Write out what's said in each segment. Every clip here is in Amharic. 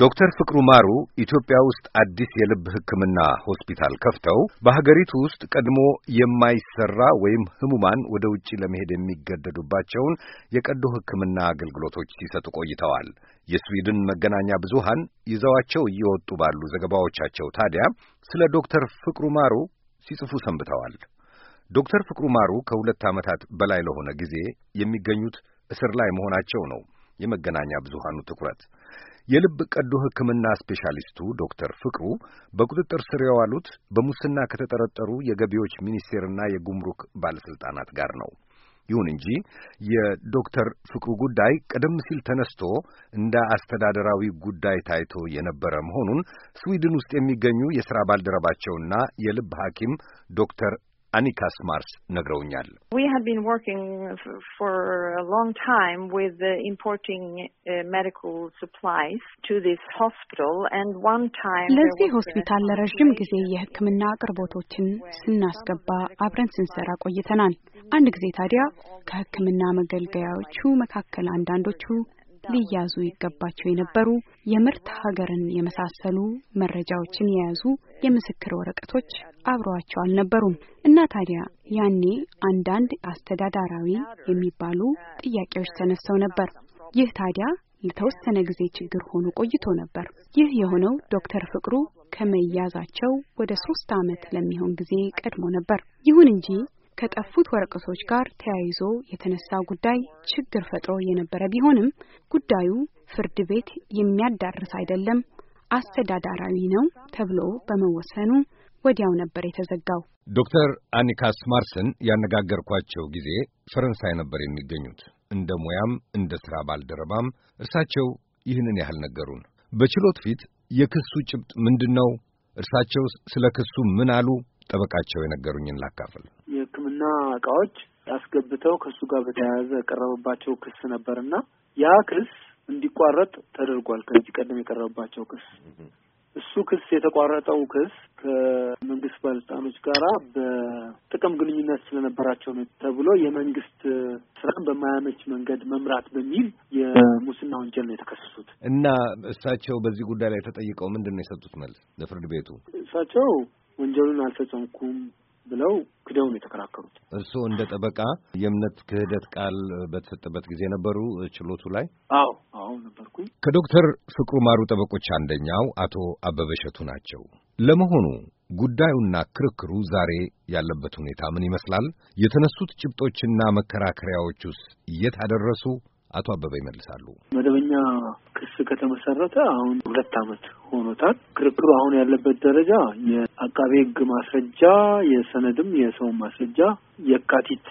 ዶክተር ፍቅሩ ማሩ ኢትዮጵያ ውስጥ አዲስ የልብ ሕክምና ሆስፒታል ከፍተው በሀገሪቱ ውስጥ ቀድሞ የማይሰራ ወይም ህሙማን ወደ ውጪ ለመሄድ የሚገደዱባቸውን የቀዶ ሕክምና አገልግሎቶች ሲሰጡ ቆይተዋል። የስዊድን መገናኛ ብዙሃን ይዘዋቸው እየወጡ ባሉ ዘገባዎቻቸው ታዲያ ስለ ዶክተር ፍቅሩ ማሩ ሲጽፉ ሰንብተዋል። ዶክተር ፍቅሩ ማሩ ከሁለት ዓመታት በላይ ለሆነ ጊዜ የሚገኙት እስር ላይ መሆናቸው ነው የመገናኛ ብዙሃኑ ትኩረት። የልብ ቀዶ ሕክምና ስፔሻሊስቱ ዶክተር ፍቅሩ በቁጥጥር ስር የዋሉት በሙስና ከተጠረጠሩ የገቢዎች ሚኒስቴርና የጉምሩክ ባለሥልጣናት ጋር ነው። ይሁን እንጂ የዶክተር ፍቅሩ ጉዳይ ቀደም ሲል ተነስቶ እንደ አስተዳደራዊ ጉዳይ ታይቶ የነበረ መሆኑን ስዊድን ውስጥ የሚገኙ የሥራ ባልደረባቸውና የልብ ሐኪም ዶክተር አኒካ ስማርስ ነግረውኛል። uh, ለዚህ ሆስፒታል ለረዥም ጊዜ የሕክምና አቅርቦቶችን ስናስገባ አብረን ስንሰራ ቆይተናል። አንድ ጊዜ ታዲያ ከሕክምና መገልገያዎቹ መካከል አንዳንዶቹ ሊያዙ ይገባቸው የነበሩ የምርት ሀገርን የመሳሰሉ መረጃዎችን የያዙ የምስክር ወረቀቶች አብረዋቸው አልነበሩም እና ታዲያ ያኔ አንዳንድ አስተዳዳራዊ የሚባሉ ጥያቄዎች ተነስተው ነበር። ይህ ታዲያ ለተወሰነ ጊዜ ችግር ሆኖ ቆይቶ ነበር። ይህ የሆነው ዶክተር ፍቅሩ ከመያዛቸው ወደ ሶስት ዓመት ለሚሆን ጊዜ ቀድሞ ነበር። ይሁን እንጂ ከጠፉት ወረቀቶች ጋር ተያይዞ የተነሳ ጉዳይ ችግር ፈጥሮ የነበረ ቢሆንም ጉዳዩ ፍርድ ቤት የሚያዳርስ አይደለም። አስተዳዳራዊ ነው ተብሎ በመወሰኑ ወዲያው ነበር የተዘጋው። ዶክተር አኒካስ ማርሰን ያነጋገርኳቸው ጊዜ ፈረንሳይ ነበር የሚገኙት። እንደ ሙያም እንደ ሥራ ባልደረባም እርሳቸው ይህንን ያህል ነገሩን። በችሎት ፊት የክሱ ጭብጥ ምንድን ነው? እርሳቸው ስለ ክሱ ምን አሉ? ጠበቃቸው የነገሩኝን ላካፍል። የሕክምና እቃዎች አስገብተው ከእሱ ጋር በተያያዘ የቀረበባቸው ክስ ነበርና ያ ክስ እንዲቋረጥ ተደርጓል። ከዚህ ቀደም የቀረበባቸው ክስ እሱ ክስ የተቋረጠው ክስ ከመንግስት ባለስልጣኖች ጋራ በጥቅም ግንኙነት ስለነበራቸው ነው ተብሎ የመንግስት ስራን በማያመች መንገድ መምራት በሚል የሙስና ወንጀል ነው የተከሰሱት እና እሳቸው በዚህ ጉዳይ ላይ ተጠይቀው ምንድን ነው የሰጡት መልስ ለፍርድ ቤቱ? እሳቸው ወንጀሉን አልፈጸምኩም ብለው ክደውን የተከራከሩት። እርስዎ እንደ ጠበቃ የእምነት ክህደት ቃል በተሰጠበት ጊዜ ነበሩ ችሎቱ ላይ? አዎ አዎ ነበርኩኝ። ከዶክተር ፍቅሩ ማሩ ጠበቆች አንደኛው አቶ አበበሸቱ ናቸው። ለመሆኑ ጉዳዩና ክርክሩ ዛሬ ያለበት ሁኔታ ምን ይመስላል? የተነሱት ጭብጦችና መከራከሪያዎቹስ የት አደረሱ? አቶ አበበ ይመልሳሉ። መደበኛ ክስ ከተመሰረተ አሁን ሁለት ዓመት ሆኖታል። ክርክሩ አሁን ያለበት ደረጃ የአቃቤ ሕግ ማስረጃ የሰነድም የሰውን ማስረጃ የካቲት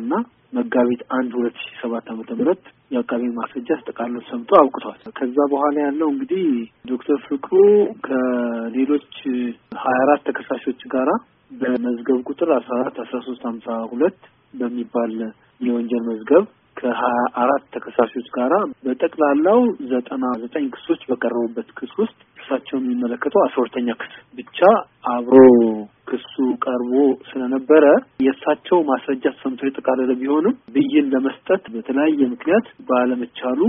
እና መጋቢት አንድ ሁለት ሺ ሰባት አመተ ምህረት የአቃቤ ማስረጃ ተጠቃሎ ሰምቶ አውቅቷል። ከዛ በኋላ ያለው እንግዲህ ዶክተር ፍቅሩ ከሌሎች ሀያ አራት ተከሳሾች ጋራ በመዝገብ ቁጥር አስራ አራት አስራ ሶስት ሀምሳ ሁለት በሚባል የወንጀል መዝገብ ከሀያ አራት ተከሳሾች ጋራ በጠቅላላው ዘጠና ዘጠኝ ክሶች በቀረቡበት ክስ ውስጥ ክሳቸው የሚመለከተው አስራ ሁለተኛ ክስ ብቻ አብሮ ክሱ ቀርቦ ስለነበረ የእሳቸው ማስረጃ ሰምቶ የጠቃለለ ቢሆንም ብይን ለመስጠት በተለያየ ምክንያት ባለመቻሉ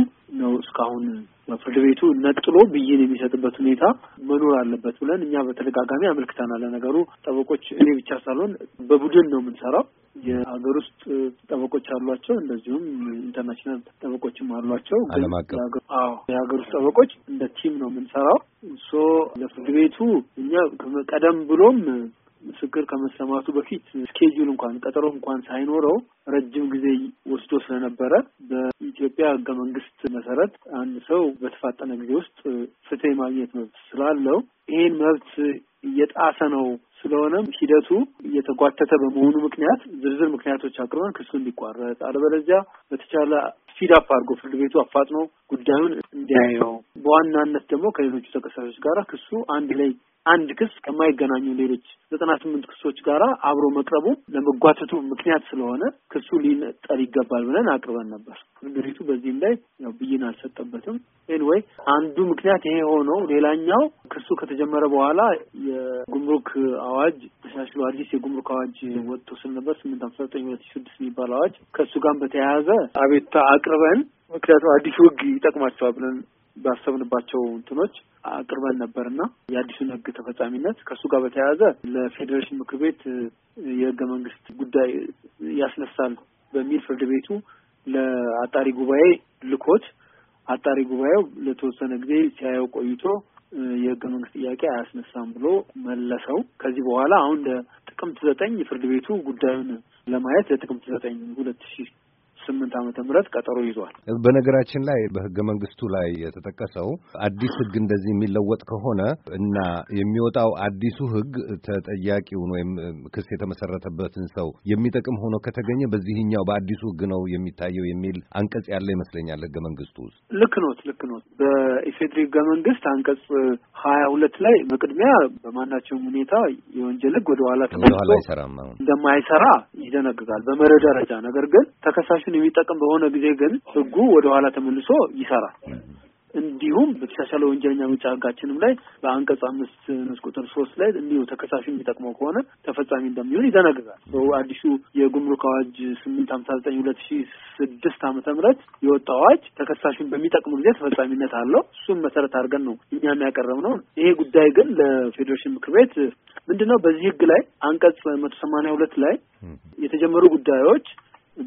ነው እስካሁን በፍርድ ቤቱ ነጥሎ ብይን የሚሰጥበት ሁኔታ መኖር አለበት ብለን እኛ በተደጋጋሚ አመልክተናል። ለነገሩ ጠበቆች እኔ ብቻ ሳልሆን በቡድን ነው የምንሰራው። የሀገር ውስጥ ጠበቆች አሏቸው፣ እንደዚሁም ኢንተርናሽናል ጠበቆችም አሏቸው። ዓለም አቀፍ አዎ፣ የሀገር ውስጥ ጠበቆች እንደ ቲም ነው የምንሰራው። ሶ ለፍርድ ቤቱ እኛ ቀደም ብሎም ምስክር ከመሰማቱ በፊት ስኬጁል እንኳን ቀጠሮ እንኳን ሳይኖረው ረጅም ጊዜ ወስዶ ስለነበረ በኢትዮጵያ ሕገ መንግስት መሰረት አንድ ሰው በተፋጠነ ጊዜ ውስጥ ፍትህ የማግኘት መብት ስላለው ይህን መብት እየጣሰ ነው። ስለሆነም ሂደቱ እየተጓተተ በመሆኑ ምክንያት ዝርዝር ምክንያቶች አቅርበን ክሱ እንዲቋረጥ አለበለዚያ በተቻለ ስፒድአፕ አድርጎ ፍርድ ቤቱ አፋጥኖ ጉዳዩን እንዲያየው በዋናነት ደግሞ ከሌሎቹ ተከሳሾች ጋር ክሱ አንድ ላይ አንድ ክስ ከማይገናኙ ሌሎች ዘጠና ስምንት ክሶች ጋራ አብሮ መቅረቡ ለመጓተቱ ምክንያት ስለሆነ ክሱ ሊነጠል ይገባል ብለን አቅርበን ነበር። ፍርድ ቤቱ በዚህም ላይ ያው ብይን አልሰጠበትም። ኤንወይ አንዱ ምክንያት ይሄ ሆኖ ሌላኛው ክሱ ከተጀመረ በኋላ የጉምሩክ አዋጅ ተሻሽሎ አዲስ የጉምሩክ አዋጅ ወጥቶ ስለነበር ስምንት አምሳ ዘጠኝ ሁለት ሺህ ስድስት የሚባል አዋጅ ከእሱ ጋር በተያያዘ አቤቱታ አቅርበን ምክንያቱም አዲሱ ውግ ይጠቅማቸዋል ብለን ባሰብንባቸው እንትኖች አቅርበን ነበር እና የአዲሱን ህግ ተፈጻሚነት ከእሱ ጋር በተያያዘ ለፌዴሬሽን ምክር ቤት የህገ መንግስት ጉዳይ ያስነሳል በሚል ፍርድ ቤቱ ለአጣሪ ጉባኤ ልኮት አጣሪ ጉባኤው ለተወሰነ ጊዜ ሲያየው ቆይቶ የህገ መንግስት ጥያቄ አያስነሳም ብሎ መለሰው። ከዚህ በኋላ አሁን ለጥቅምት ዘጠኝ ፍርድ ቤቱ ጉዳዩን ለማየት ለጥቅምት ዘጠኝ ሁለት ሺህ ስምንት ዓመተ ምህረት ቀጠሮ ይዟል። በነገራችን ላይ በህገ መንግስቱ ላይ የተጠቀሰው አዲስ ህግ እንደዚህ የሚለወጥ ከሆነ እና የሚወጣው አዲሱ ህግ ተጠያቂውን ወይም ክስ የተመሰረተበትን ሰው የሚጠቅም ሆኖ ከተገኘ በዚህኛው በአዲሱ ህግ ነው የሚታየው የሚል አንቀጽ ያለ ይመስለኛል ህገ መንግስቱ ውስጥ። ልክ ኖት፣ ልክ ኖት። በኢፌድሪ ህገ መንግስት አንቀጽ ሀያ ሁለት ላይ በቅድሚያ በማናቸውም ሁኔታ የወንጀል ህግ ወደኋላ ተመልሶ እንደማይሰራ ይደነግጋል በመርህ ደረጃ ነገር ግን ተከሳሹን የሚጠቅም በሆነ ጊዜ ግን ህጉ ወደኋላ ተመልሶ ይሰራል። እንዲሁም በተሻሻለ ወንጀለኛ መቅጫ ህጋችንም ላይ በአንቀጽ አምስት ንዑስ ቁጥር ሶስት ላይ እንዲሁ ተከሳሽ የሚጠቅመው ከሆነ ተፈጻሚ እንደሚሆን ይደነግጋል። አዲሱ የጉምሩክ አዋጅ ስምንት ሀምሳ ዘጠኝ ሁለት ሺ ስድስት ዓመተ ምህረት የወጣ አዋጅ ተከሳሹን በሚጠቅሙ ጊዜ ተፈጻሚነት አለው። እሱም መሰረት አድርገን ነው የሚያቀረብ ነው። ይሄ ጉዳይ ግን ለፌዴሬሽን ምክር ቤት ምንድን ነው በዚህ ህግ ላይ አንቀጽ መቶ ሰማኒያ ሁለት ላይ የተጀመሩ ጉዳዮች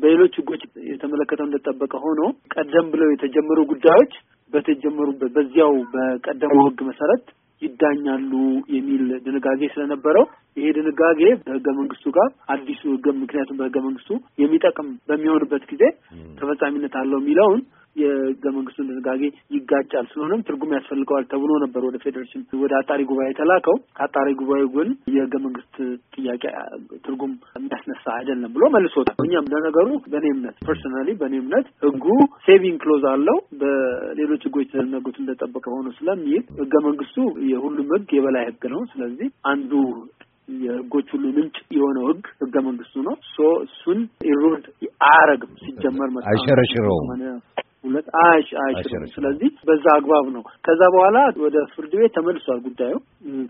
በሌሎች ህጎች የተመለከተው እንደጠበቀ ሆኖ ቀደም ብለው የተጀመሩ ጉዳዮች በተጀመሩበት በዚያው በቀደመው ህግ መሰረት ይዳኛሉ የሚል ድንጋጌ ስለነበረው ይሄ ድንጋጌ በህገ መንግስቱ ጋር አዲሱ ህገ ምክንያቱም በህገ መንግስቱ የሚጠቅም በሚሆንበት ጊዜ ተፈጻሚነት አለው የሚለውን የህገ መንግስቱን ድንጋጌ ይጋጫል፣ ስለሆነም ትርጉም ያስፈልገዋል ተብሎ ነበር ወደ ፌዴሬሽን ወደ አጣሪ ጉባኤ የተላከው። ከአጣሪ ጉባኤ ጎን የህገ መንግስት ጥያቄ ትርጉም የሚያስነሳ አይደለም ብሎ መልሶታል። እኛም ለነገሩ በእኔ እምነት ፐርሶናሊ በእኔ እምነት ህጉ ሴቪንግ ክሎዝ አለው በሌሎች ህጎች የተደነጉት እንደጠበቀ ሆኖ ስለሚል ህገ መንግስቱ የሁሉም ህግ የበላይ ህግ ነው። ስለዚህ አንዱ የህጎች ሁሉ ምንጭ የሆነው ህግ ህገ መንግስቱ ነው። እሱን ኢሮድ አያረግም ሲጀመር መ አይሸረሽረውም ሁለት አይችልም። ስለዚህ በዛ አግባብ ነው። ከዛ በኋላ ወደ ፍርድ ቤት ተመልሷል ጉዳዩ።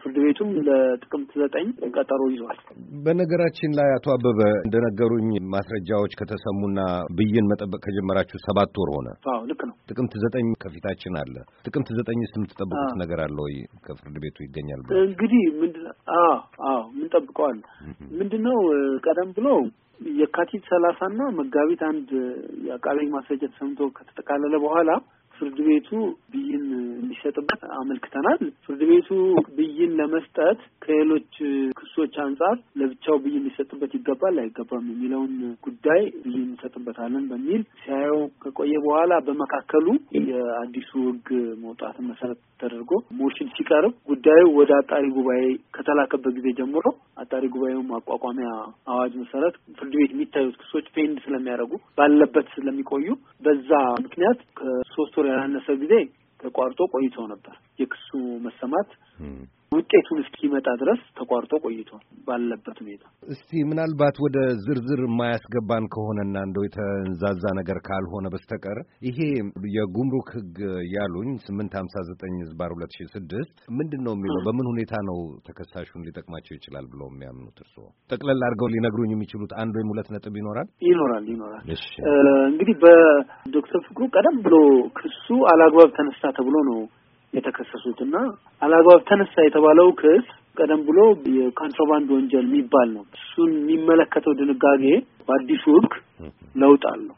ፍርድ ቤቱም ለጥቅምት ዘጠኝ ቀጠሮ ይዟል። በነገራችን ላይ አቶ አበበ እንደነገሩኝ ማስረጃዎች ከተሰሙና ብይን መጠበቅ ከጀመራችሁ ሰባት ወር ሆነ። አዎ ልክ ነው። ጥቅምት ዘጠኝ ከፊታችን አለ። ጥቅምት ዘጠኝስ የምትጠብቁት ነገር አለ ወይ? ከፍርድ ቤቱ ይገኛል እንግዲህ ምንድን አዎ አዎ ምንጠብቀዋል ምንድን ነው ቀደም ብሎ የካቲት ሰላሳ እና መጋቢት አንድ የአቃቤ ማስረጃ ተሰምቶ ከተጠቃለለ በኋላ ፍርድ ቤቱ ብይን እንዲሰጥበት አመልክተናል። ፍርድ ቤቱ ብይን ለመስጠት ከሌሎች ክሶች አንጻር ለብቻው ብይን ሊሰጥበት ይገባል አይገባም የሚለውን ጉዳይ ብይን እንሰጥበታለን በሚል ሲያየው ከቆየ በኋላ በመካከሉ የአዲሱ ሕግ መውጣትን መሰረት ተደርጎ ሞሽን ሲቀርብ ጉዳዩ ወደ አጣሪ ጉባኤ ከተላከበት ጊዜ ጀምሮ አጣሪ ጉባኤው ማቋቋሚያ አዋጅ መሰረት ፍርድ ቤት የሚታዩት ክሶች ፔንድ ስለሚያደርጉ ባለበት ስለሚቆዩ በዛ ምክንያት ከሶስት ወር ያላነሰ ጊዜ ተቋርጦ ቆይቶ ነበር የክሱ መሰማት ውጤቱን እስኪመጣ ድረስ ተቋርጦ ቆይቷል ባለበት ሁኔታ። እስቲ ምናልባት ወደ ዝርዝር የማያስገባን ከሆነና እንደው የተንዛዛ ነገር ካልሆነ በስተቀር ይሄ የጉምሩክ ሕግ ያሉኝ ስምንት ሀምሳ ዘጠኝ ዝባር ሁለት ሺ ስድስት ምንድን ነው የሚለው? በምን ሁኔታ ነው ተከሳሹን ሊጠቅማቸው ይችላል ብለው የሚያምኑት እርስዎ ጠቅለል አድርገው ሊነግሩኝ የሚችሉት አንድ ወይም ሁለት ነጥብ ይኖራል? ይኖራል ይኖራል። እንግዲህ በዶክተር ፍቅሩ ቀደም ብሎ ክሱ አላግባብ ተነሳ ተብሎ ነው የተከሰሱትና አላግባብ ተነሳ የተባለው ክስ ቀደም ብሎ የኮንትሮባንድ ወንጀል የሚባል ነው። እሱን የሚመለከተው ድንጋጌ በአዲሱ ህግ ለውጥ አለው፣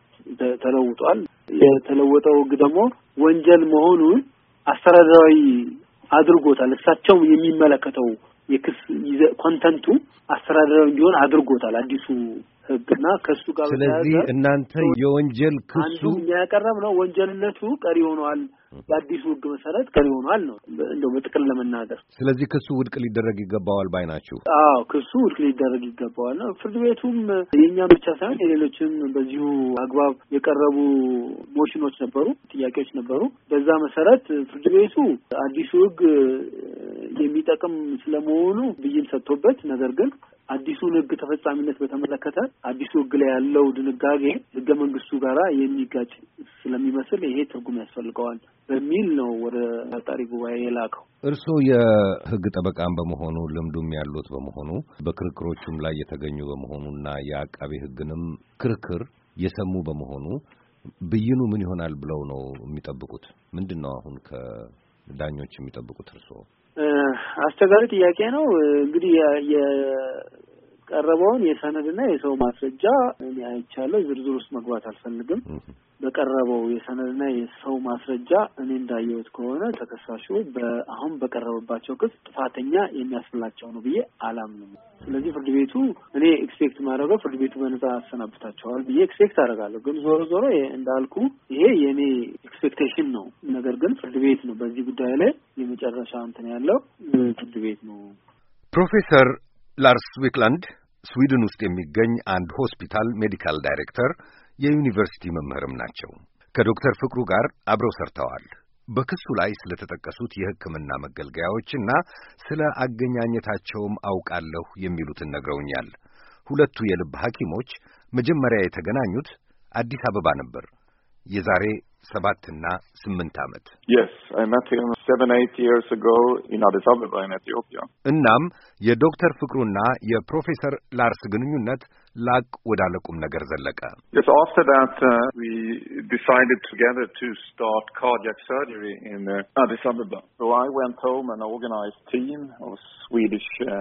ተለውጧል። የተለወጠው ህግ ደግሞ ወንጀል መሆኑን አስተዳደራዊ አድርጎታል። እሳቸው የሚመለከተው የክስ ኮንተንቱ አስተዳደራዊ እንዲሆን አድርጎታል አዲሱ ህግና ከሱ ጋር ስለዚህ እናንተ የወንጀል ክሱ የሚያቀረብ ነው። ወንጀልነቱ ቀሪ ሆኗል። በአዲሱ ህግ መሰረት ቀሪ ሆኗል ነው እንደው በጥቅል ለመናገር። ስለዚህ ክሱ ውድቅ ሊደረግ ይገባዋል ባይ ናችሁ? አዎ ክሱ ውድቅ ሊደረግ ይገባዋል ነው። ፍርድ ቤቱም የእኛም ብቻ ሳይሆን የሌሎችን በዚሁ አግባብ የቀረቡ ሞሽኖች ነበሩ፣ ጥያቄዎች ነበሩ። በዛ መሰረት ፍርድ ቤቱ አዲሱ ህግ የሚጠቅም ስለመሆኑ ብይን ሰጥቶበት ነገር ግን አዲሱን ህግ ተፈጻሚነት በተመለከተ አዲሱ ህግ ላይ ያለው ድንጋጌ ህገ መንግስቱ ጋራ የሚጋጭ ስለሚመስል ይሄ ትርጉም ያስፈልገዋል በሚል ነው ወደ ፈጣሪ ጉባኤ የላከው። እርስዎ የህግ ጠበቃም በመሆኑ ልምዱም ያሉት በመሆኑ በክርክሮቹም ላይ የተገኙ በመሆኑና የአቃቤ ህግንም ክርክር የሰሙ በመሆኑ ብይኑ ምን ይሆናል ብለው ነው የሚጠብቁት? ምንድን ነው አሁን ከዳኞች የሚጠብቁት እርስዎ? አስቸጋሪ ጥያቄ ነው። እንግዲህ የቀረበውን የሰነድና የሰው ማስረጃ አይቻለሁ። ዝርዝር ውስጥ መግባት አልፈልግም። በቀረበው የሰነድና የሰው ማስረጃ እኔ እንዳየሁት ከሆነ ተከሳሹ አሁን በቀረበባቸው ክስ ጥፋተኛ የሚያስብላቸው ነው ብዬ አላምንም። ስለዚህ ፍርድ ቤቱ እኔ ኤክስፔክት ማድረገው ፍርድ ቤቱ በነጻ ያሰናብታቸዋል ብዬ ኤክስፔክት አደርጋለሁ። ግን ዞሮ ዞሮ እንዳልኩ ይሄ የእኔ ኤክስፔክቴሽን ነው። ነገር ግን ፍርድ ቤት ነው በዚህ ጉዳይ ላይ የመጨረሻ እንትን ያለው ፍርድ ቤት ነው። ፕሮፌሰር ላርስ ዊክላንድ ስዊድን ውስጥ የሚገኝ አንድ ሆስፒታል ሜዲካል ዳይሬክተር የዩኒቨርሲቲ መምህርም ናቸው። ከዶክተር ፍቅሩ ጋር አብረው ሰርተዋል። በክሱ ላይ ስለተጠቀሱት የሕክምና መገልገያዎችና ስለ አገኛኘታቸውም አውቃለሁ የሚሉትን ነግረውኛል። ሁለቱ የልብ ሐኪሞች መጀመሪያ የተገናኙት አዲስ አበባ ነበር። የዛሬ ሰባትና ስምንት ዓመት እናም የዶክተር ፍቅሩና የፕሮፌሰር ላርስ ግንኙነት ላቅ ወዳለ ቁም ነገር ዘለቀ። uh, uh, uh,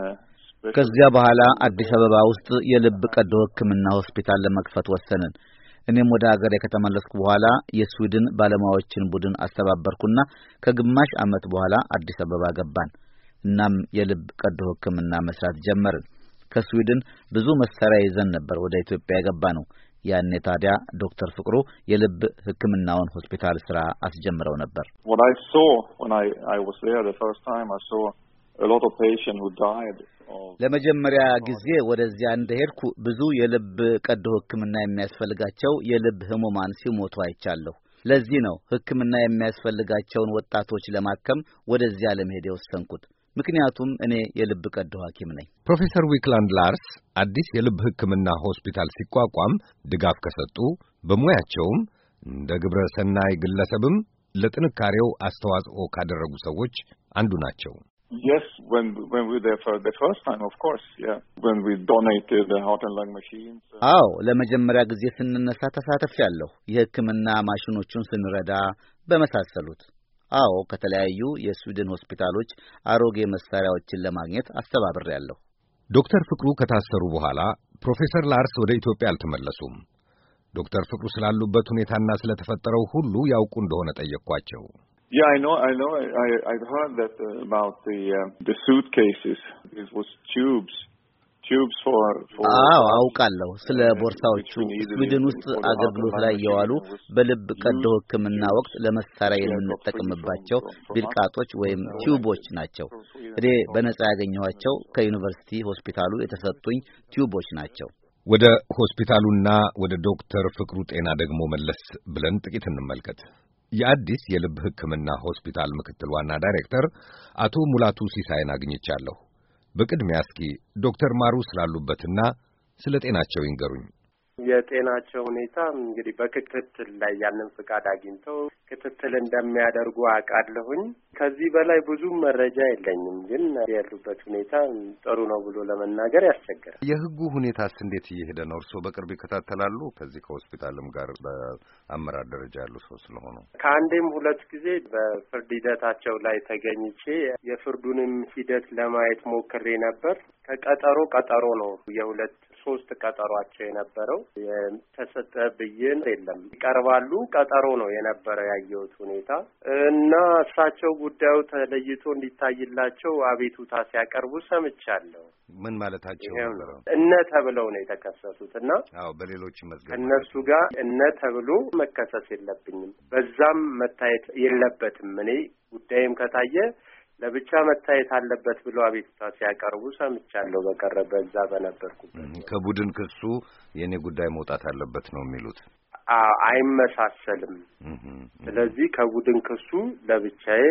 ከዚያ በኋላ አዲስ አበባ ውስጥ የልብ ቀዶ ሕክምና ሆስፒታል ለመክፈት ወሰንን። እኔም ወደ አገሬ ከተመለስኩ በኋላ የስዊድን ባለሙያዎችን ቡድን አስተባበርኩና ከግማሽ ዓመት በኋላ አዲስ አበባ ገባን። እናም የልብ ቀዶ ሕክምና መስራት ጀመርን። ከስዊድን ብዙ መሳሪያ ይዘን ነበር ወደ ኢትዮጵያ የገባ ነው። ያኔ ታዲያ ዶክተር ፍቅሩ የልብ ሕክምናውን ሆስፒታል ስራ አስጀምረው ነበር። ለመጀመሪያ ጊዜ ወደዚያ እንደሄድኩ ብዙ የልብ ቀዶ ሕክምና የሚያስፈልጋቸው የልብ ህሙማን ሲሞቱ አይቻለሁ። ለዚህ ነው ሕክምና የሚያስፈልጋቸውን ወጣቶች ለማከም ወደዚያ ለመሄድ የወሰንኩት። ምክንያቱም እኔ የልብ ቀዶ ሐኪም ነኝ። ፕሮፌሰር ዊክላንድ ላርስ አዲስ የልብ ሕክምና ሆስፒታል ሲቋቋም ድጋፍ ከሰጡ በሙያቸውም እንደ ግብረ ሰናይ ግለሰብም ለጥንካሬው አስተዋጽኦ ካደረጉ ሰዎች አንዱ ናቸው። Yes, when when we were there for the first time, of course, yeah. When we donated the heart and lung machines. አዎ ለመጀመሪያ ጊዜ ስንነሳ ተሳተፊያለሁ። የሕክምና ማሽኖቹን ስንረዳ በመሳሰሉት። አዎ ከተለያዩ የስዊድን ሆስፒታሎች አሮጌ መሳሪያዎችን ለማግኘት አስተባብሬያለሁ። ዶክተር ፍቅሩ ከታሰሩ በኋላ ፕሮፌሰር ላርስ ወደ ኢትዮጵያ አልተመለሱም። ዶክተር ፍቅሩ ስላሉበት ሁኔታና ስለተፈጠረው ሁሉ ያውቁ እንደሆነ ጠየቅኳቸው። Yeah, I know. I know. I, I I've heard that uh, about the uh, the suitcases. It was tubes. አዎ አውቃለሁ። ስለ ቦርሳዎቹ ስዊድን ውስጥ አገልግሎት ላይ የዋሉ በልብ ቀዶ ሕክምና ወቅት ለመሳሪያ የምንጠቀምባቸው ቢልቃጦች ወይም ቲዩቦች ናቸው። እኔ በነጻ ያገኘኋቸው ከዩኒቨርሲቲ ሆስፒታሉ የተሰጡኝ ቲዩቦች ናቸው። ወደ ሆስፒታሉና ወደ ዶክተር ፍቅሩ ጤና ደግሞ መለስ ብለን ጥቂት እንመልከት። የአዲስ የልብ ሕክምና ሆስፒታል ምክትል ዋና ዳይሬክተር አቶ ሙላቱ ሲሳይን አግኝቻለሁ። በቅድሚያ እስኪ ዶክተር ማሩ ስላሉበትና ስለ ጤናቸው ይንገሩኝ። የጤናቸው ሁኔታ እንግዲህ በክትትል ላይ ያንን ፍቃድ አግኝተው ክትትል እንደሚያደርጉ አውቃለሁኝ። ከዚህ በላይ ብዙ መረጃ የለኝም፣ ግን ያሉበት ሁኔታ ጥሩ ነው ብሎ ለመናገር ያስቸግራል። የህጉ ሁኔታስ እንዴት እየሄደ ነው? እርስዎ በቅርብ ይከታተላሉ። ከዚህ ከሆስፒታልም ጋር በአመራር ደረጃ ያሉ ሰው ስለሆኑ ከአንዴም ሁለት ጊዜ በፍርድ ሂደታቸው ላይ ተገኝቼ የፍርዱንም ሂደት ለማየት ሞክሬ ነበር። ከቀጠሮ ቀጠሮ ነው የሁለት ሶስት ቀጠሯቸው የነበረው የተሰጠ ብይን የለም ይቀርባሉ ቀጠሮ ነው የነበረው ያየሁት ሁኔታ እና እሳቸው ጉዳዩ ተለይቶ እንዲታይላቸው አቤቱታ ሲያቀርቡ ሰምቻለሁ። ምን ማለታቸው እነ ተብለው ነው የተከሰሱት እና አዎ፣ በሌሎች መዝገብ እነሱ ጋር እነ ተብሎ መከሰስ የለብኝም፣ በዛም መታየት የለበትም እኔ ጉዳይም ከታየ ለብቻ መታየት አለበት ብሎ አቤቱታ ሲያቀርቡ ሰምቻለሁ። በቀረበ እዛ በነበርኩበት ከቡድን ክሱ የእኔ ጉዳይ መውጣት አለበት ነው የሚሉት። አይመሳሰልም። ስለዚህ ከቡድን ክሱ ለብቻዬ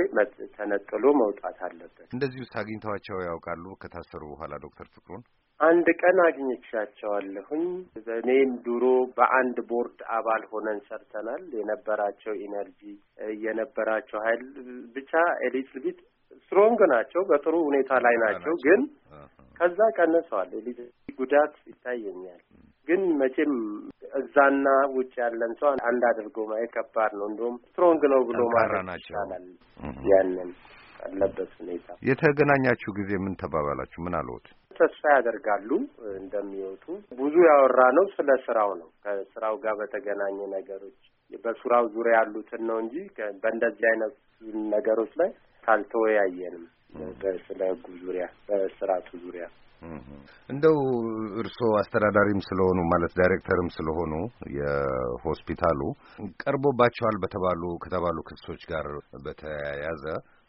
ተነጥሎ መውጣት አለበት። እንደዚህ ውስጥ አግኝተዋቸው ያውቃሉ? ከታሰሩ በኋላ ዶክተር ፍቅሩን አንድ ቀን አግኝቻቸዋለሁኝ። እኔም ድሮ በአንድ ቦርድ አባል ሆነን ሰርተናል። የነበራቸው ኢነርጂ የነበራቸው ኃይል ብቻ ኤሊትልቢት ስትሮንግ ናቸው፣ በጥሩ ሁኔታ ላይ ናቸው። ግን ከዛ ቀንሰዋል። የልጅ ጉዳት ይታየኛል። ግን መቼም እዛና ውጭ ያለን ሰው አንድ አድርጎ ማየት ከባድ ነው። እንዲሁም ስትሮንግ ነው ብሎ ማረ ይቻላል። ያንን አለበት ሁኔታ የተገናኛችሁ ጊዜ ምን ተባባላችሁ? ምን አልወት ተስፋ ያደርጋሉ እንደሚወጡ። ብዙ ያወራ ነው ስለ ስራው ነው ከስራው ጋር በተገናኘ ነገሮች በስራው ዙሪያ ያሉትን ነው እንጂ በእንደዚህ አይነት ነገሮች ላይ አልተወያየንም በስለ ህጉ ዙሪያ በስርዓቱ ዙሪያ እንደው እርስዎ አስተዳዳሪም ስለሆኑ ማለት ዳይሬክተርም ስለሆኑ የሆስፒታሉ ቀርቦባቸዋል በተባሉ ከተባሉ ክሶች ጋር በተያያዘ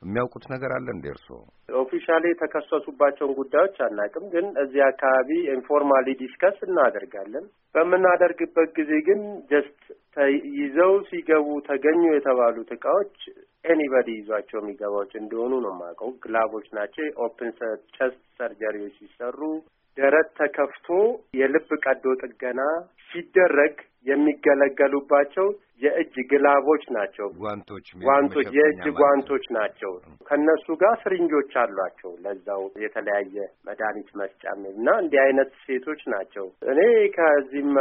የሚያውቁት ነገር አለ እንዴ? እርስዎ ኦፊሻሊ የተከሰሱባቸውን ጉዳዮች አናውቅም፣ ግን እዚህ አካባቢ ኢንፎርማሊ ዲስከስ እናደርጋለን። በምናደርግበት ጊዜ ግን ጀስት ይዘው ሲገቡ ተገኙ የተባሉት እቃዎች ኤኒባዲ ይዟቸው የሚገባዎች እንደሆኑ ነው የማውቀው። ግላቦች ናቸው። ኦፕን ቸስት ሰርጀሪዎች ሲሰሩ ደረት ተከፍቶ የልብ ቀዶ ጥገና ሲደረግ የሚገለገሉባቸው የእጅ ግላቦች ናቸው። ጓንቶች ጓንቶች የእጅ ጓንቶች ናቸው። ከእነሱ ጋር ስሪንጆች አሏቸው ለዛው የተለያየ መድኃኒት መስጫ እና እንዲህ አይነት ሴቶች ናቸው። እኔ ከዚህም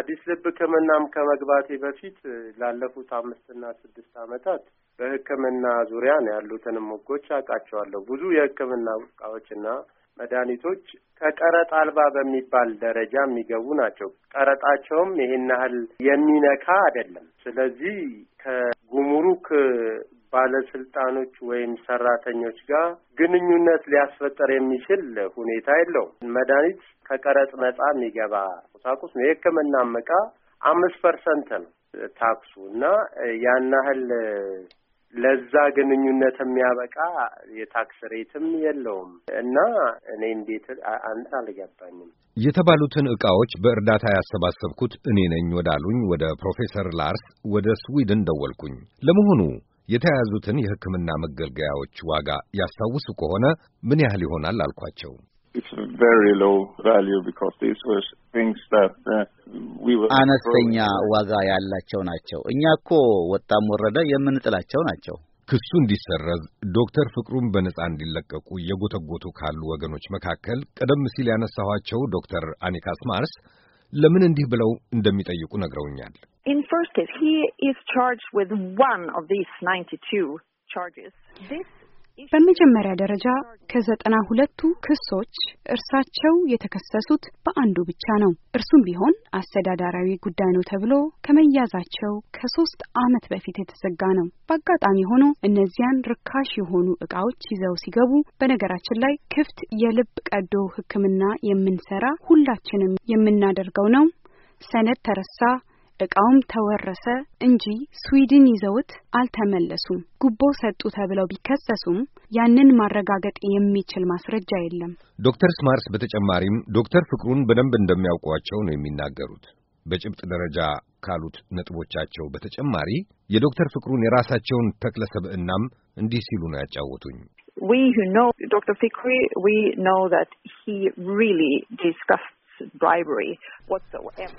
አዲስ ልብ ሕክምናም ከመግባቴ በፊት ላለፉት አምስትና ስድስት ዓመታት በሕክምና ዙሪያ ነው ያሉትንም ሕጎች አውቃቸዋለሁ። ብዙ የሕክምና እቃዎችና መድኃኒቶች ከቀረጥ አልባ በሚባል ደረጃ የሚገቡ ናቸው። ቀረጣቸውም ይሄን ያህል የሚነካ አይደለም። ስለዚህ ከጉምሩክ ባለስልጣኖች ወይም ሰራተኞች ጋር ግንኙነት ሊያስፈጠር የሚችል ሁኔታ የለውም። መድኃኒት ከቀረጥ ነጻ የሚገባ ቁሳቁስ ነው። የህክምና እቃ አምስት ፐርሰንት ነው ታክሱ እና ያን ያህል ለዛ ግንኙነት የሚያበቃ የታክስ ሬትም የለውም እና እኔ እንዴት አንድ አልገባኝም። የተባሉትን ዕቃዎች በእርዳታ ያሰባሰብኩት እኔ ነኝ ወዳሉኝ ወደ ፕሮፌሰር ላርስ ወደ ስዊድን ደወልኩኝ። ለመሆኑ የተያዙትን የሕክምና መገልገያዎች ዋጋ ያስታውሱ ከሆነ ምን ያህል ይሆናል አልኳቸው። Uh, አነስተኛ ዋጋ ያላቸው ናቸው። እኛ እኮ ወጣም ወረደ የምንጥላቸው ናቸው። ክሱ እንዲሰረዝ ዶክተር ፍቅሩን በነጻ እንዲለቀቁ የጎተጎቱ ካሉ ወገኖች መካከል ቀደም ሲል ያነሳኋቸው ዶክተር አኒካስ ማርስ ለምን እንዲህ ብለው እንደሚጠይቁ ነግረውኛል። ኢን በመጀመሪያ ደረጃ ከዘጠና ሁለቱ ክሶች እርሳቸው የተከሰሱት በአንዱ ብቻ ነው። እርሱም ቢሆን አስተዳዳራዊ ጉዳይ ነው ተብሎ ከመያዛቸው ከሶስት ዓመት በፊት የተዘጋ ነው። በአጋጣሚ ሆኖ እነዚያን ርካሽ የሆኑ እቃዎች ይዘው ሲገቡ፣ በነገራችን ላይ ክፍት የልብ ቀዶ ሕክምና የምንሰራ ሁላችንም የምናደርገው ነው። ሰነድ ተረሳ፣ እቃውም ተወረሰ እንጂ ስዊድን ይዘውት አልተመለሱም። ጉቦ ሰጡ ተብለው ቢከሰሱም ያንን ማረጋገጥ የሚችል ማስረጃ የለም። ዶክተር ስማርስ በተጨማሪም ዶክተር ፍቅሩን በደንብ እንደሚያውቋቸው ነው የሚናገሩት። በጭብጥ ደረጃ ካሉት ነጥቦቻቸው በተጨማሪ የዶክተር ፍቅሩን የራሳቸውን ተክለ ሰብዕናም እንዲህ ሲሉ ነው ያጫወቱኝ። we who know Dr. Fikri, we know that he really discussed bribery whatsoever.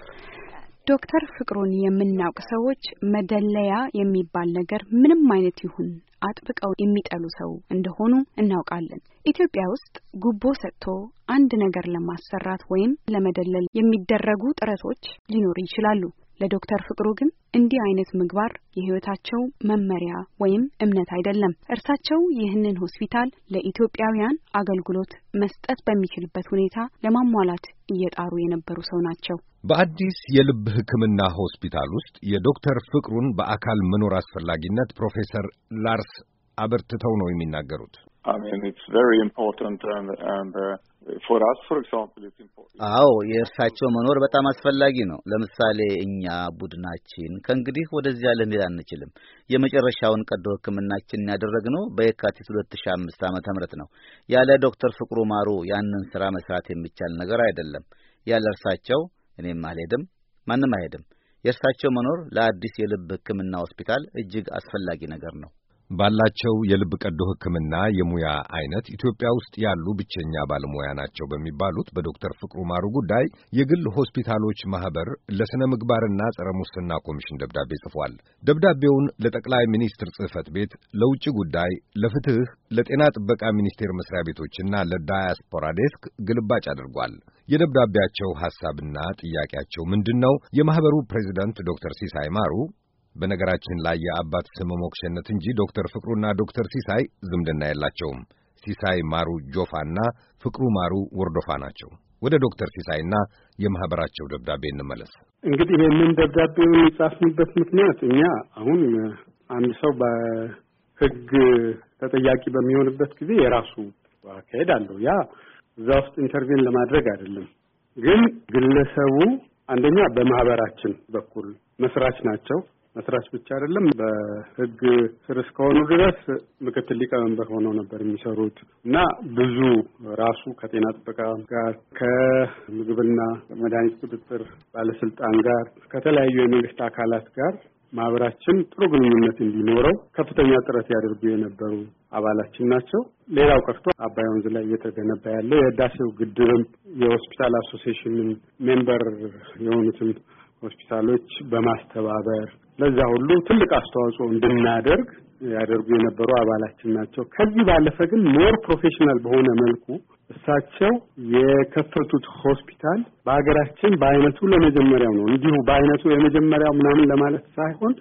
ዶክተር ፍቅሩን የምናውቅ ሰዎች መደለያ የሚባል ነገር ምንም አይነት ይሁን አጥብቀው የሚጠሉ ሰው እንደሆኑ እናውቃለን። ኢትዮጵያ ውስጥ ጉቦ ሰጥቶ አንድ ነገር ለማሰራት ወይም ለመደለል የሚደረጉ ጥረቶች ሊኖሩ ይችላሉ። ለዶክተር ፍቅሩ ግን እንዲህ አይነት ምግባር የህይወታቸው መመሪያ ወይም እምነት አይደለም። እርሳቸው ይህንን ሆስፒታል ለኢትዮጵያውያን አገልግሎት መስጠት በሚችልበት ሁኔታ ለማሟላት እየጣሩ የነበሩ ሰው ናቸው። በአዲስ የልብ ሕክምና ሆስፒታል ውስጥ የዶክተር ፍቅሩን በአካል መኖር አስፈላጊነት ፕሮፌሰር ላርስ አበርትተው ነው የሚናገሩት። አዎ የእርሳቸው መኖር በጣም አስፈላጊ ነው። ለምሳሌ እኛ ቡድናችን ከእንግዲህ ወደዚያ ልንሄድ አንችልም። የመጨረሻውን ቀዶ ሕክምናችን ያደረግነው በየካቲት ሁለት ሺህ ዓመተ ምህረት ነው። ያለ ዶክተር ፍቅሩ ማሩ ያንን ስራ መስራት የሚቻል ነገር አይደለም። ያለ እርሳቸው እኔም አልሄድም፣ ማንም አይሄድም። የእርሳቸው መኖር ለአዲስ የልብ ሕክምና ሆስፒታል እጅግ አስፈላጊ ነገር ነው። ባላቸው የልብ ቀዶ ሕክምና የሙያ አይነት ኢትዮጵያ ውስጥ ያሉ ብቸኛ ባለሙያ ናቸው በሚባሉት በዶክተር ፍቅሩ ማሩ ጉዳይ የግል ሆስፒታሎች ማህበር ለሥነ ምግባርና ጸረ ሙስና ኮሚሽን ደብዳቤ ጽፏል። ደብዳቤውን ለጠቅላይ ሚኒስትር ጽሕፈት ቤት፣ ለውጭ ጉዳይ፣ ለፍትህ፣ ለጤና ጥበቃ ሚኒስቴር መስሪያ ቤቶችና ለዳያስፖራ ዴስክ ግልባጭ አድርጓል። የደብዳቤያቸው ሐሳብና ጥያቄያቸው ምንድን ነው? የማኅበሩ ፕሬዚደንት ዶክተር ሲሳይ ማሩ በነገራችን ላይ የአባት ስም ሞክሸነት እንጂ ዶክተር ፍቅሩና ዶክተር ሲሳይ ዝምድና የላቸውም። ሲሳይ ማሩ ጆፋና ፍቅሩ ማሩ ወርዶፋ ናቸው። ወደ ዶክተር ሲሳይና የማህበራቸው ደብዳቤ እንመለስ። እንግዲህ ይህንን ደብዳቤውን የጻፍንበት ምክንያት እኛ አሁን አንድ ሰው በህግ ተጠያቂ በሚሆንበት ጊዜ የራሱ አካሄድ አለው። ያ እዛ ውስጥ ኢንተርቪን ለማድረግ አይደለም። ግን ግለሰቡ አንደኛ በማህበራችን በኩል መስራች ናቸው። መስራች ብቻ አይደለም፣ በህግ ስር እስከሆኑ ድረስ ምክትል ሊቀመንበር ሆነው ነበር የሚሰሩት እና ብዙ ራሱ ከጤና ጥበቃ ጋር ከምግብና መድኃኒት ቁጥጥር ባለስልጣን ጋር ከተለያዩ የመንግስት አካላት ጋር ማህበራችን ጥሩ ግንኙነት እንዲኖረው ከፍተኛ ጥረት ያደርጉ የነበሩ አባላችን ናቸው። ሌላው ቀርቶ አባይ ወንዝ ላይ እየተገነባ ያለው የህዳሴው ግድብም የሆስፒታል አሶሲሽንን ሜምበር የሆኑትን ሆስፒታሎች በማስተባበር ለዛ ሁሉ ትልቅ አስተዋጽኦ እንድናደርግ ያደርጉ የነበሩ አባላችን ናቸው። ከዚህ ባለፈ ግን ሞር ፕሮፌሽናል በሆነ መልኩ እሳቸው የከፈቱት ሆስፒታል በሀገራችን በአይነቱ ለመጀመሪያው ነው። እንዲሁ በአይነቱ የመጀመሪያው ምናምን ለማለት ሳይሆን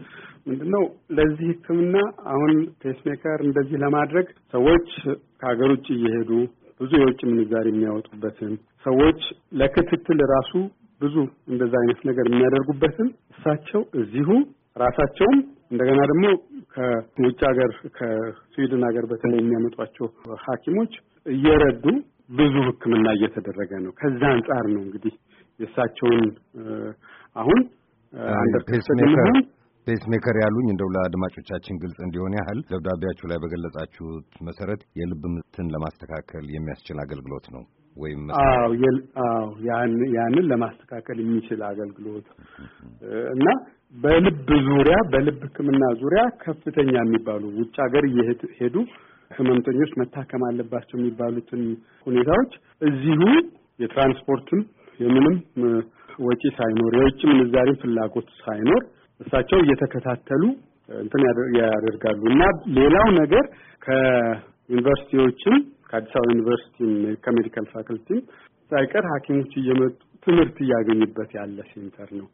ምንድነው ለዚህ ሕክምና አሁን ፔስሜከር እንደዚህ ለማድረግ ሰዎች ከሀገር ውጭ እየሄዱ ብዙ የውጭ ምንዛሪ የሚያወጡበትን ሰዎች ለክትትል ራሱ ብዙ እንደዛ አይነት ነገር የሚያደርጉበትን እሳቸው እዚሁ ራሳቸውም እንደገና ደግሞ ከውጭ ሀገር ከስዊድን ሀገር በተለይ የሚያመጧቸው ሐኪሞች እየረዱ ብዙ ሕክምና እየተደረገ ነው። ከዛ አንጻር ነው እንግዲህ የእሳቸውን አሁን ፔስሜከር ሜከር ያሉኝ እንደው ለአድማጮቻችን ግልጽ እንዲሆን ያህል ደብዳቤያችሁ ላይ በገለጻችሁት መሰረት የልብ ምትን ለማስተካከል የሚያስችል አገልግሎት ነው። ወይም ያንን ለማስተካከል የሚችል አገልግሎት እና በልብ ዙሪያ በልብ ሕክምና ዙሪያ ከፍተኛ የሚባሉ ውጭ ሀገር እየሄዱ ህመምተኞች መታከም አለባቸው የሚባሉትን ሁኔታዎች እዚሁ የትራንስፖርትም የምንም ወጪ ሳይኖር የውጭ ምንዛሬም ፍላጎት ሳይኖር እሳቸው እየተከታተሉ እንትን ያደርጋሉ እና ሌላው ነገር ከዩኒቨርሲቲዎችም ከአዲስ አበባ ዩኒቨርሲቲም ከሜዲካል ፋክልቲም ሳይቀር ሐኪሞች እየመጡ ትምህርት እያገኙበት ያለ ሴንተር ነው።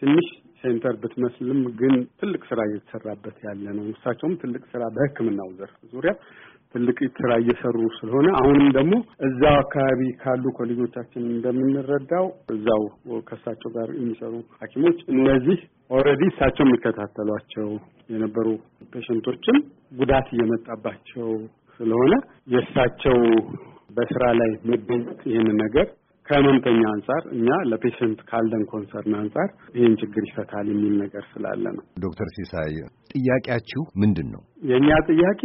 ትንሽ ሴንተር ብትመስልም ግን ትልቅ ስራ እየተሰራበት ያለ ነው። እሳቸውም ትልቅ ስራ በሕክምናው ዘርፍ ዙሪያ ትልቅ ስራ እየሰሩ ስለሆነ አሁንም ደግሞ እዛው አካባቢ ካሉ ኮሌጆቻችን እንደምንረዳው እዛው ከእሳቸው ጋር የሚሰሩ ሐኪሞች እነዚህ ኦልሬዲ እሳቸው የሚከታተሏቸው የነበሩ ፔሸንቶችም ጉዳት እየመጣባቸው ስለሆነ የእሳቸው በስራ ላይ መደንቅ ይህን ነገር ከህመምተኛ አንጻር እኛ ለፔሽንት ካልደን ኮንሰርን አንጻር ይህን ችግር ይፈታል የሚል ነገር ስላለ ነው። ዶክተር ሲሳይ ጥያቄያችሁ ምንድን ነው? የእኛ ጥያቄ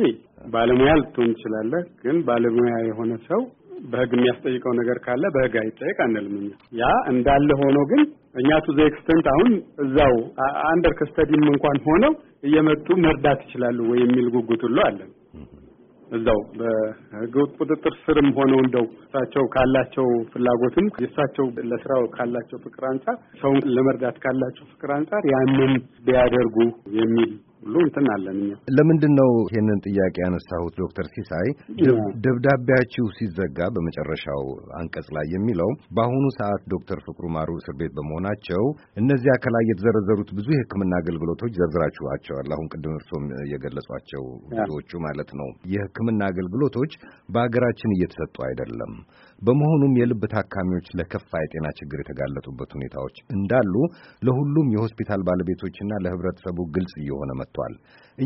ባለሙያ ልትሆን ትችላለህ፣ ግን ባለሙያ የሆነ ሰው በህግ የሚያስጠይቀው ነገር ካለ በህግ አይጠየቅ አንልም። እኛ ያ እንዳለ ሆኖ ግን እኛ ቱ ዘ ኤክስተንት አሁን እዛው አንደር ከስተዲም እንኳን ሆነው እየመጡ መርዳት ይችላሉ ወይ የሚል ጉጉት ሁሉ አለን። እዛው በህገወጥ ቁጥጥር ስርም ሆነው እንደው እሳቸው ካላቸው ፍላጎትም የእሳቸው ለስራው ካላቸው ፍቅር አንጻር ሰውን ለመርዳት ካላቸው ፍቅር አንጻር ያንን ቢያደርጉ የሚል ሁሉ እንትን አለን እኛ። ለምንድን ነው ይህንን ጥያቄ ያነሳሁት ዶክተር ሲሳይ ደብዳቤያችሁ ሲዘጋ በመጨረሻው አንቀጽ ላይ የሚለው በአሁኑ ሰዓት ዶክተር ፍቅሩ ማሩ እስር ቤት በመሆናቸው እነዚያ ከላይ የተዘረዘሩት ብዙ የሕክምና አገልግሎቶች ዘርዝራችኋቸዋል። አሁን ቅድም እርሶም የገለጿቸው ብዙዎቹ ማለት ነው የሕክምና አገልግሎቶች በሀገራችን እየተሰጡ አይደለም። በመሆኑም የልብ ታካሚዎች ለከፋ የጤና ችግር የተጋለጡበት ሁኔታዎች እንዳሉ ለሁሉም የሆስፒታል ባለቤቶችና ለህብረተሰቡ ግልጽ እየሆነ መጥቷል።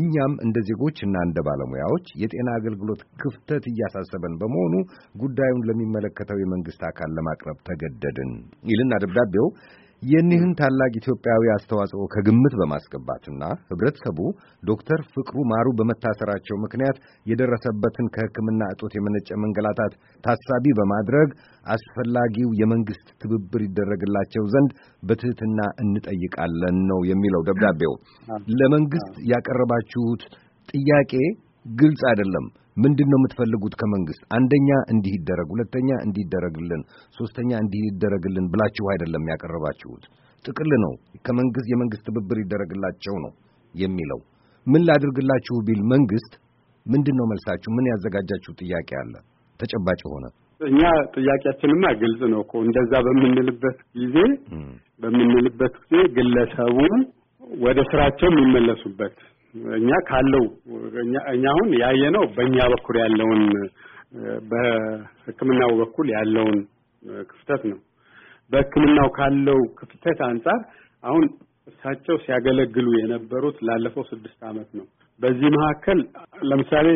እኛም እንደ ዜጎችና እንደ ባለሙያዎች የጤና አገልግሎት ክፍተት እያሳሰበን በመሆኑ ጉዳዩን ለሚመለከተው የመንግስት አካል ለማቅረብ ተገደድን ይልና ደብዳቤው የኒህን ታላቅ ኢትዮጵያዊ አስተዋጽኦ ከግምት በማስገባትና ህብረተሰቡ ዶክተር ፍቅሩ ማሩ በመታሰራቸው ምክንያት የደረሰበትን ከህክምና እጦት የመነጨ መንገላታት ታሳቢ በማድረግ አስፈላጊው የመንግስት ትብብር ይደረግላቸው ዘንድ በትህትና እንጠይቃለን ነው የሚለው ደብዳቤው። ለመንግስት ያቀረባችሁት ጥያቄ ግልጽ አይደለም። ምንድን ነው የምትፈልጉት ከመንግስት? አንደኛ እንዲህ ይደረግ፣ ሁለተኛ እንዲህ ይደረግልን፣ ሶስተኛ እንዲህ ይደረግልን ብላችሁ አይደለም ያቀረባችሁት። ጥቅል ነው ከመንግስት የመንግስት ትብብር ይደረግላቸው ነው የሚለው። ምን ላድርግላችሁ ቢል መንግስት ምንድን ነው መልሳችሁ? ምን ያዘጋጃችሁ ጥያቄ አለ ተጨባጭ የሆነ? እኛ ጥያቄያችንማ ግልጽ ነው እኮ እንደዛ በምንልበት ጊዜ በምንልበት ጊዜ ግለሰቡ ወደ ስራቸው የሚመለሱበት እኛ ካለው እኛ አሁን ያየነው በእኛ በኩል ያለውን በሕክምናው በኩል ያለውን ክፍተት ነው። በሕክምናው ካለው ክፍተት አንጻር አሁን እሳቸው ሲያገለግሉ የነበሩት ላለፈው ስድስት ዓመት ነው። በዚህ መካከል ለምሳሌ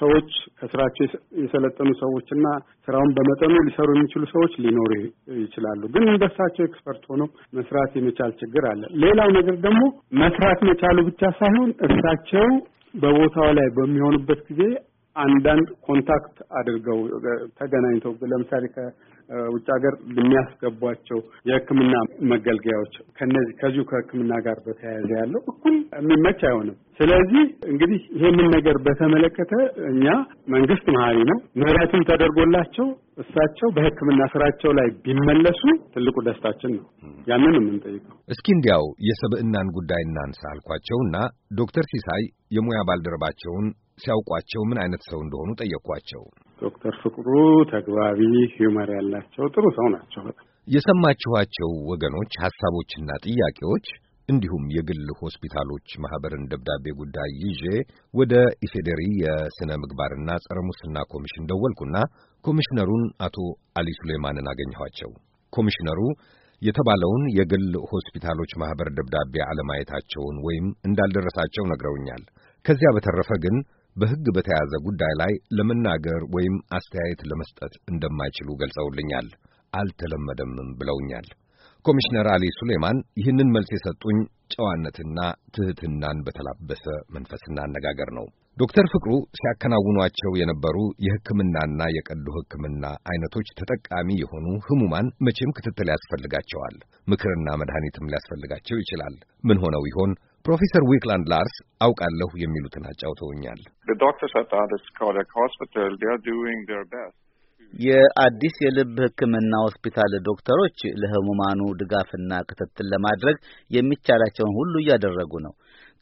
ሰዎች ከስራቸው የሰለጠኑ ሰዎች እና ስራውን በመጠኑ ሊሰሩ የሚችሉ ሰዎች ሊኖሩ ይችላሉ። ግን እንደሳቸው ኤክስፐርት ሆኖ መስራት የመቻል ችግር አለ። ሌላው ነገር ደግሞ መስራት መቻሉ ብቻ ሳይሆን እርሳቸው በቦታው ላይ በሚሆኑበት ጊዜ አንዳንድ ኮንታክት አድርገው ተገናኝተው ለምሳሌ ከውጭ ሀገር የሚያስገቧቸው የሕክምና መገልገያዎች ከነዚህ ከዚሁ ከሕክምና ጋር በተያያዘ ያለው እኩል የሚመች አይሆንም። ስለዚህ እንግዲህ ይህንን ነገር በተመለከተ እኛ መንግስት መሀሪ ነው፣ ምህረትም ተደርጎላቸው እሳቸው በህክምና ስራቸው ላይ ቢመለሱ ትልቁ ደስታችን ነው። ያንን የምንጠይቀው። እስኪ እንዲያው የሰብዕናን ጉዳይ እናንሳ አልኳቸውና ዶክተር ሲሳይ የሙያ ባልደረባቸውን ሲያውቋቸው ምን አይነት ሰው እንደሆኑ ጠየኳቸው። ዶክተር ፍቅሩ ተግባቢ ሂውመር ያላቸው ጥሩ ሰው ናቸው። የሰማችኋቸው ወገኖች ሐሳቦችና ጥያቄዎች እንዲሁም የግል ሆስፒታሎች ማህበርን ደብዳቤ ጉዳይ ይዤ ወደ ኢፌዴሪ የሥነ ምግባርና ጸረ ሙስና ኮሚሽን ደወልኩና ኮሚሽነሩን አቶ አሊ ሱሌማንን አገኘኋቸው። ኮሚሽነሩ የተባለውን የግል ሆስፒታሎች ማህበር ደብዳቤ አለማየታቸውን ወይም እንዳልደረሳቸው ነግረውኛል። ከዚያ በተረፈ ግን በሕግ በተያዘ ጉዳይ ላይ ለመናገር ወይም አስተያየት ለመስጠት እንደማይችሉ ገልጸውልኛል። አልተለመደምም ብለውኛል። ኮሚሽነር አሊ ሱሌማን ይህንን መልስ የሰጡኝ ጨዋነትና ትሕትናን በተላበሰ መንፈስና አነጋገር ነው። ዶክተር ፍቅሩ ሲያከናውኗቸው የነበሩ የሕክምናና የቀዶ ሕክምና አይነቶች ተጠቃሚ የሆኑ ህሙማን መቼም ክትትል ያስፈልጋቸዋል። ምክርና መድኃኒትም ሊያስፈልጋቸው ይችላል። ምን ሆነው ይሆን? ፕሮፌሰር ዊክላንድ ላርስ አውቃለሁ የሚሉትን አጫውተውኛል። የአዲስ የልብ ሕክምና ሆስፒታል ዶክተሮች ለህሙማኑ ድጋፍና ክትትል ለማድረግ የሚቻላቸውን ሁሉ እያደረጉ ነው።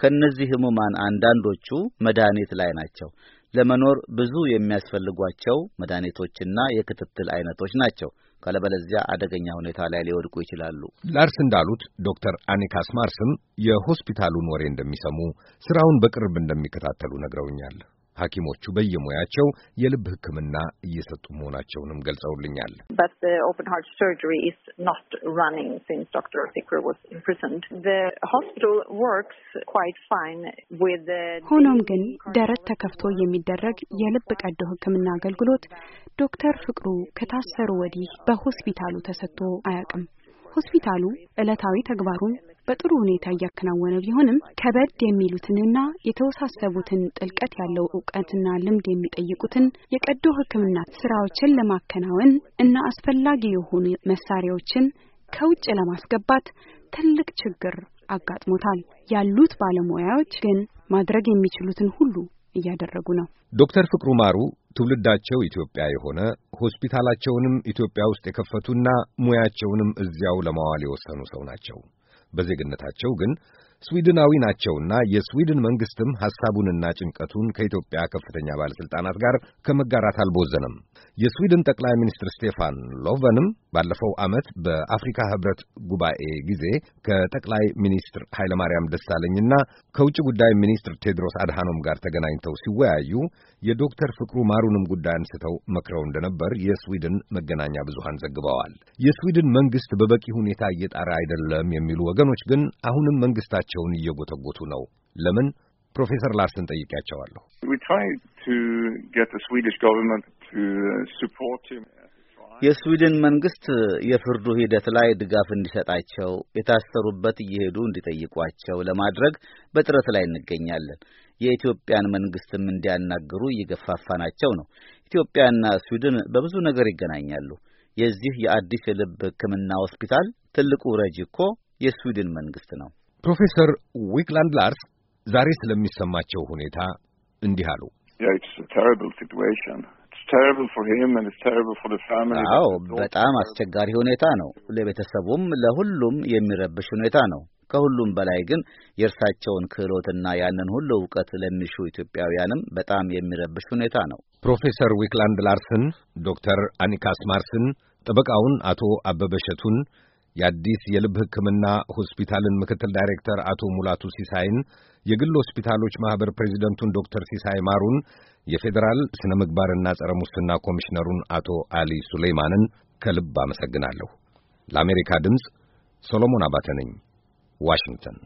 ከእነዚህ ህሙማን አንዳንዶቹ መድኃኒት ላይ ናቸው። ለመኖር ብዙ የሚያስፈልጓቸው መድኃኒቶችና የክትትል አይነቶች ናቸው። ካለበለዚያ አደገኛ ሁኔታ ላይ ሊወድቁ ይችላሉ። ላርስ እንዳሉት ዶክተር አኒካስ ማርስም የሆስፒታሉን ወሬ እንደሚሰሙ ስራውን በቅርብ እንደሚከታተሉ ነግረውኛል። ሐኪሞቹ በየሙያቸው የልብ ሕክምና እየሰጡ መሆናቸውንም ገልጸውልኛል። ሆኖም ግን ደረት ተከፍቶ የሚደረግ የልብ ቀዶ ሕክምና አገልግሎት ዶክተር ፍቅሩ ከታሰሩ ወዲህ በሆስፒታሉ ተሰጥቶ አያውቅም። ሆስፒታሉ ዕለታዊ ተግባሩን በጥሩ ሁኔታ እያከናወነ ቢሆንም ከበድ የሚሉትንና የተወሳሰቡትን ጥልቀት ያለው እውቀትና ልምድ የሚጠይቁትን የቀዶ ሕክምና ስራዎችን ለማከናወን እና አስፈላጊ የሆኑ መሳሪያዎችን ከውጭ ለማስገባት ትልቅ ችግር አጋጥሞታል። ያሉት ባለሙያዎች ግን ማድረግ የሚችሉትን ሁሉ እያደረጉ ነው። ዶክተር ፍቅሩ ማሩ ትውልዳቸው ኢትዮጵያ የሆነ ሆስፒታላቸውንም ኢትዮጵያ ውስጥ የከፈቱና ሙያቸውንም እዚያው ለማዋል የወሰኑ ሰው ናቸው። በዜግነታቸው ግን ስዊድናዊ ናቸውና የስዊድን መንግስትም ሐሳቡንና ጭንቀቱን ከኢትዮጵያ ከፍተኛ ባለሥልጣናት ጋር ከመጋራት አልቦዘንም። የስዊድን ጠቅላይ ሚኒስትር ስቴፋን ሎቨንም ባለፈው ዓመት በአፍሪካ ህብረት ጉባኤ ጊዜ ከጠቅላይ ሚኒስትር ኃይለማርያም ደሳለኝና ከውጭ ጉዳይ ሚኒስትር ቴድሮስ አድሃኖም ጋር ተገናኝተው ሲወያዩ የዶክተር ፍቅሩ ማሩንም ጉዳይ አንስተው መክረው እንደነበር የስዊድን መገናኛ ብዙሃን ዘግበዋል። የስዊድን መንግስት በበቂ ሁኔታ እየጣረ አይደለም የሚሉ ወገኖች ግን አሁንም መንግስታቸው ራሳቸውን እየጎተጎቱ ነው። ለምን? ፕሮፌሰር ላርስን ጠይቄያቸዋለሁ። የስዊድን መንግስት የፍርዱ ሂደት ላይ ድጋፍ እንዲሰጣቸው የታሰሩበት እየሄዱ እንዲጠይቋቸው ለማድረግ በጥረት ላይ እንገኛለን። የኢትዮጵያን መንግስትም እንዲያናግሩ እየገፋፋናቸው ነው። ኢትዮጵያና ስዊድን በብዙ ነገር ይገናኛሉ። የዚህ የአዲስ የልብ ሕክምና ሆስፒታል ትልቁ ረጂ እኮ የስዊድን መንግስት ነው። ፕሮፌሰር ዊክላንድ ላርስ ዛሬ ስለሚሰማቸው ሁኔታ እንዲህ አሉ። አዎ በጣም አስቸጋሪ ሁኔታ ነው። ለቤተሰቡም ለሁሉም የሚረብሽ ሁኔታ ነው። ከሁሉም በላይ ግን የእርሳቸውን ክህሎትና ያንን ሁሉ እውቀት ለሚሹ ኢትዮጵያውያንም በጣም የሚረብሽ ሁኔታ ነው። ፕሮፌሰር ዊክላንድ ላርስን፣ ዶክተር አኒካስ ማርስን፣ ጠበቃውን አቶ አበበ የአዲስ የልብ ሕክምና ሆስፒታልን ምክትል ዳይሬክተር አቶ ሙላቱ ሲሳይን፣ የግል ሆስፒታሎች ማኅበር ፕሬዚደንቱን ዶክተር ሲሳይ ማሩን፣ የፌዴራል ሥነ ምግባርና ጸረ ሙስና ኮሚሽነሩን አቶ አሊ ሱሌይማንን ከልብ አመሰግናለሁ። ለአሜሪካ ድምፅ ሶሎሞን አባተ ነኝ ዋሽንግተን